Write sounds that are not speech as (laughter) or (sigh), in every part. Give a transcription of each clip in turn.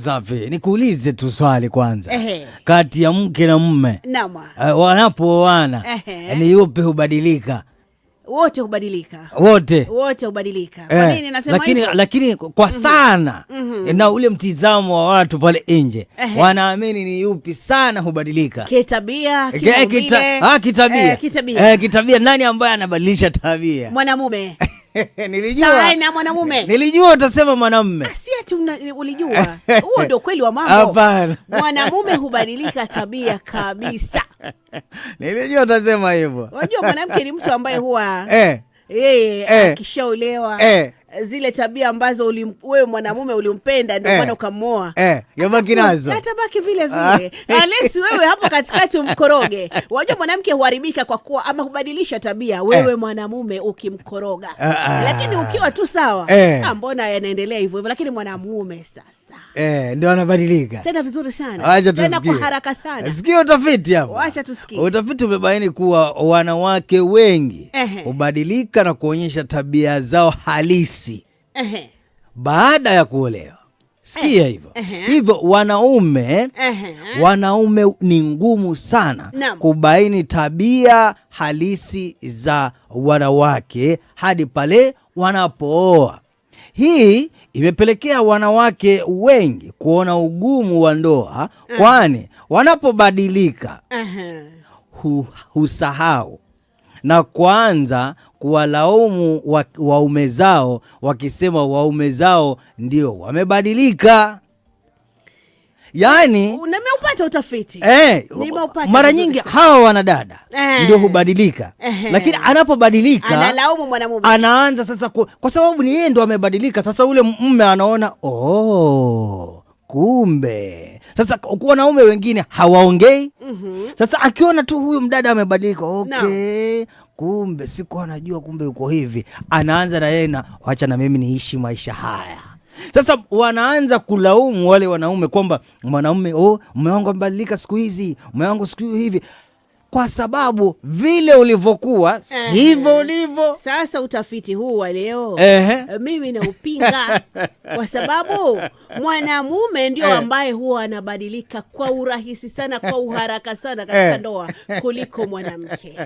Safi, nikuulize tu swali kwanza. Ehe. Kati ya mke na mume uh, eh, wanapooana ni yupi hubadilika? Wote hubadilika, wote wote hubadilika. Kwa eh, nini nasema lakini, lakini kwa mhm. sana mm -hmm. na ule mtizamo wa watu pale nje wanaamini ni yupi sana hubadilika kitabia, eh, ah, kitabia, kitabia, nani ambaye anabadilisha tabia? Mwanamume (laughs) (laughs) Nilijua mwanamume, nilijua utasema mwanamume. Ah, si ati ulijua, huo (laughs) ndio kweli wa mambo. Hapana, (laughs) mwanamume hubadilika tabia kabisa. Nilijua utasema hivyo. Unajua mwanamke ni mtu ambaye huwa eh. yeye eh. akishaolewa eh zile tabia ambazo wewe mwanamume ulimpenda ndio eh. maana eh, ukamwoa eh, yabaki nazo, atabaki vile ah. vile unless wewe hapo katikati umkoroge. Unajua mwanamke huharibika kwa kuwa ama kubadilisha tabia, eh. wewe eh, mwanamume ukimkoroga ah, ah, lakini ukiwa tu sawa eh, ah, mbona yanaendelea hivyo hivyo, lakini mwanamume sasa eh, ndio anabadilika tena vizuri sana, acha tena kwa haraka sana. Sikia utafiti hapo, acha tusikie utafiti. Umebaini kuwa wanawake wengi hubadilika eh, na kuonyesha tabia zao halisi Ehe. Baada ya kuolewa sikia hivyo hivyo, wanaume Ehe. Wanaume ni ngumu sana kubaini tabia halisi za wanawake hadi pale wanapooa. Hii imepelekea wanawake wengi kuona ugumu wa ndoa, kwani wanapobadilika hu, husahau na kuanza kuwalaumu wa, waume zao wakisema waume zao ndio wamebadilika. Yani, nimeupata utafiti eh, mara nyingi hawa wanadada eh, ndio hubadilika eh, lakini anapobadilika analaumu mwanamume, anaanza sasa ku, kwa sababu ni yeye ndo amebadilika. Sasa ule mume anaona oh, kumbe sasa wanaume wengine hawaongei -hmm. Sasa akiona tu huyu mdada amebadilika, okay no. Kumbe siku anajua, kumbe yuko hivi, anaanza na yeye na wacha na mimi niishi maisha haya. Sasa wanaanza kulaumu wale wanaume kwamba mwanaume, oh, mume wangu amebadilika siku hizi, mume wangu siku hivi kwa sababu vile ulivyokuwa sivyo ulivyo sasa. Utafiti huu wa leo eh, mimi naupinga kwa sababu mwanamume ndio eh. ambaye huwa anabadilika kwa urahisi sana, kwa uharaka sana katika eh. ndoa kuliko mwanamke,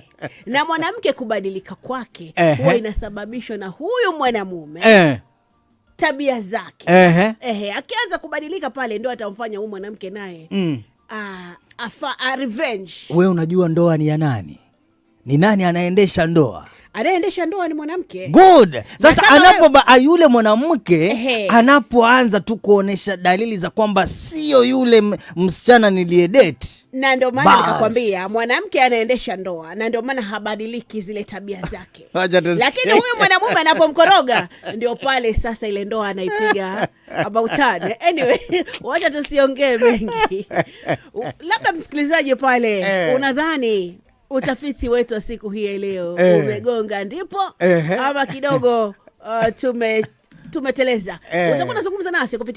na mwanamke kubadilika kwake huwa inasababishwa na huyu mwanamume tabia zake. Ehe, akianza kubadilika pale ndio atamfanya huyu mwanamke naye mm. Ah, afa a revenge. We unajua ndoa ni ya nani? Ni nani anaendesha ndoa? anayeendesha ndoa ni mwanamke. Good. Sasa anapo ah, yule mwanamke anapoanza tu kuonesha dalili za kwamba sio yule msichana niliyedate, na ndio maana nikakwambia mwanamke anaendesha ndoa, na ndio maana habadiliki zile tabia zake (laughs) lakini huyu mwanamume anapomkoroga ndio pale sasa ile ndoa anaipiga about time. Anyway, (laughs) wacha tusiongee mengi, (laughs) labda msikilizaji pale eh, unadhani utafiti wetu wa siku hii ya leo eh, umegonga ndipo eh, ama kidogo (laughs) uh, tume tumeteleza eh, utakuwa unazungumza nasi